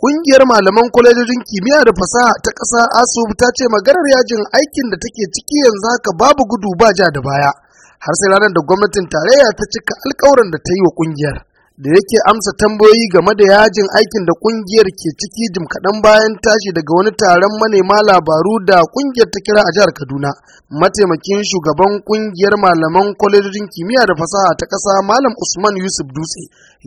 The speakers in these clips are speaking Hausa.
Ƙungiyar malaman kwalejojin kimiyya da fasaha ta ƙasa ASUB ta ce maganar yajin aikin da take ciki yanzu haka babu gudu ba ja da baya. Har sai ranar da gwamnatin tarayya ta cika alkawuran da ta yi wa ƙungiyar. da yake amsa tambayoyi game da yajin aikin da kungiyar ke ciki jim kaɗan bayan tashi daga wani taron manema labaru da kungiyar ta kira a jihar kaduna mataimakin shugaban kungiyar malaman kwalejin kimiyya da fasaha ta ƙasa malam usman yusuf dutse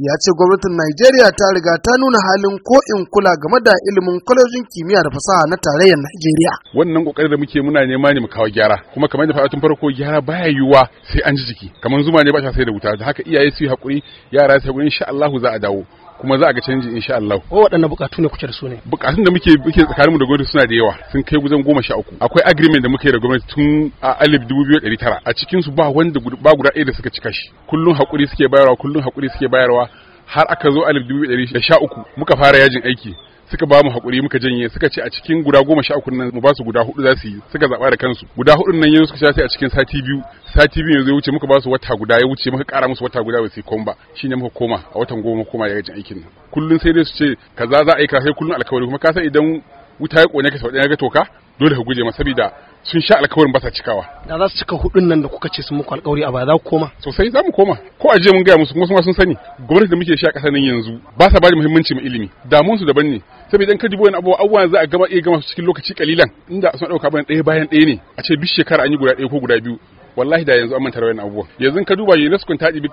ya ce gwamnatin najeriya ta riga ta nuna halin ko in kula game da ilimin kwalejin kimiyya da fasaha na tarayyar najeriya wannan ƙoƙarin da muke muna nema ne mu kawo gyara kuma kamar da faɗa farko gyara baya yiwuwa sai an ji jiki kamar zuma ne ba sai da wuta da haka iyaye su yi haƙuri yara su abu insha Allah za a dawo kuma za a ga canji insha Allah. Ko waɗanne bukatu ne kuke da su ne? Bukatun da muke muke tsakaninmu da gwamnati suna da yawa sun kai guzan goma sha uku. Akwai agreement da muke da gwamnati tun a alif dubu biyu ɗari tara a cikin su ba wanda ba guda ɗaya da suka cika shi. Kullum hakuri suke bayarwa kullum hakuri suke bayarwa har aka zo alif dubu ɗari da sha uku muka fara yajin aiki. suka ba mu hakuri muka janye suka ce a cikin guda goma sha uku nan mu ba su guda hudu za su yi suka zaba da kansu guda hudun nan yanzu suka sha sai a cikin sati biyu sati biyu yanzu ya wuce muka ba su wata guda ya wuce muka kara musu wata guda ba su yi ba shine muka koma a watan goma koma ya gajin aikin nan kullun sai dai su ce kaza za a yi kaza sai kullun alkawari kuma ka san idan wuta ya kone ka sau ɗaya ga toka dole ka guje ma saboda sun sha alkawarin ba sa cikawa da za su cika hudun nan da kuka ce sun muku alkawari a baya za ku koma sosai za mu koma ko a je mun gaya musu kuma su sun sani gwamnati da muke sha kasar nan yanzu ba sa bada muhimmanci mai ilimi damun su daban ne saboda in ka dubo wani abubuwa abubuwa za a gama iya gama su cikin lokaci kalilan inda sun dauka bayan ɗaya bayan ɗaya ne a ce bis shekara an yi guda ɗaya ko guda biyu wallahi da yanzu an manta rawayan abubuwa yanzu ka duba UNESCO ta ɗibi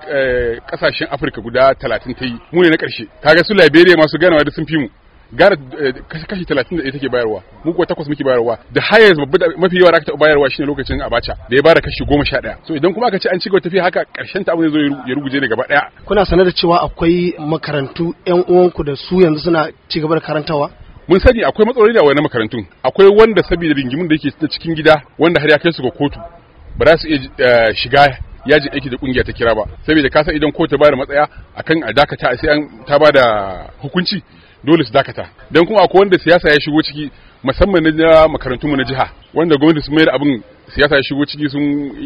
kasashen eh, Afirka guda talatin ta yi mu ne na ƙarshe kaga su Liberia masu ganawa da sun fi mu gara eh, kashi talatin da ita ke bayarwa mu kuwa takwas muke bayarwa da hayar mafi yawa da aka taɓa bayarwa shine lokacin abacha da ya bara kashi goma sha ɗaya so idan kuma aka ce an ci gaba tafiya haka ƙarshen ta abu ne zo ya ruguje ne gaba ɗaya kuna sanar da cewa akwai makarantu ƴan uwanku da su yanzu suna ci gaba da karantawa mun sani akwai matsaloli da wani makarantun akwai wanda saboda rigimin da yake cikin gida wanda har ya kai su ga kotu ba za su iya eh, shiga yajin aiki da kungiya ta kira ba saboda ka san idan kotu ba da matsaya akan a dakata sai an ta ba da hukunci dole su dakata don kuma akwai wanda siyasa ya shigo ciki musamman na makarantunmu na jiha wanda gwamnati sun mayar abin siyasa ya shigo ciki sun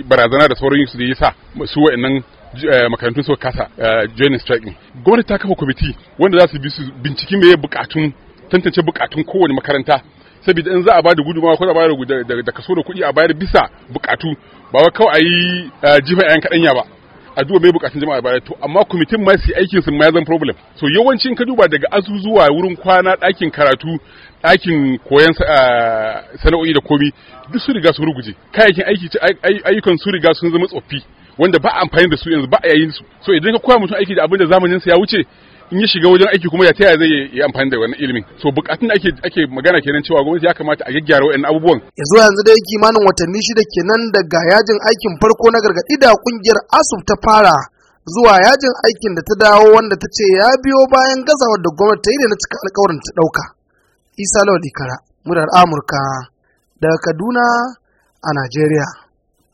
barazana da sauran su da yasa su wa'annan eh, makarantun su kasa eh, joining strike gwamnati ta kafa kwamiti wanda za su bi su binciki me bukatun tantance bukatun kowane makaranta saboda in za a da gudunmawa ko a bada da kaso da kuɗi a bayar bisa bukatu ba kawai a yi eh, jifa 'yan kaɗanya ba a duba mai bukatun jama'a baya to amma kwamitin ma su aikin su ma ya zan problem so yawancin ka duba daga azuzuwa wurin kwana ɗakin karatu ɗakin koyan ah, sana'o'i da komi duk su riga sun ruguje kayayyakin aiki ayyukan su riga sun zama tsoffi wanda ba amfani da su yanzu ba a yayin su so idan ka koya mutum aiki da abin da zamanin sa ya wuce in ya shiga wajen aiki kuma ya taya zai yi amfani da wannan ilimin so bukatun da ake magana kenan cewa gwamnati ya kamata a gyaggyara waɗannan abubuwan yanzu yanzu dai kimanin watanni shida kenan daga yajin aikin farko na gargaɗi da kungiyar asuf ta fara zuwa yajin aikin da ta dawo wanda ta ce ya biyo bayan gazawar da gwamnati ta yi da na cika alkawarin ta ɗauka isa lawal ikara murar amurka daga kaduna a najeriya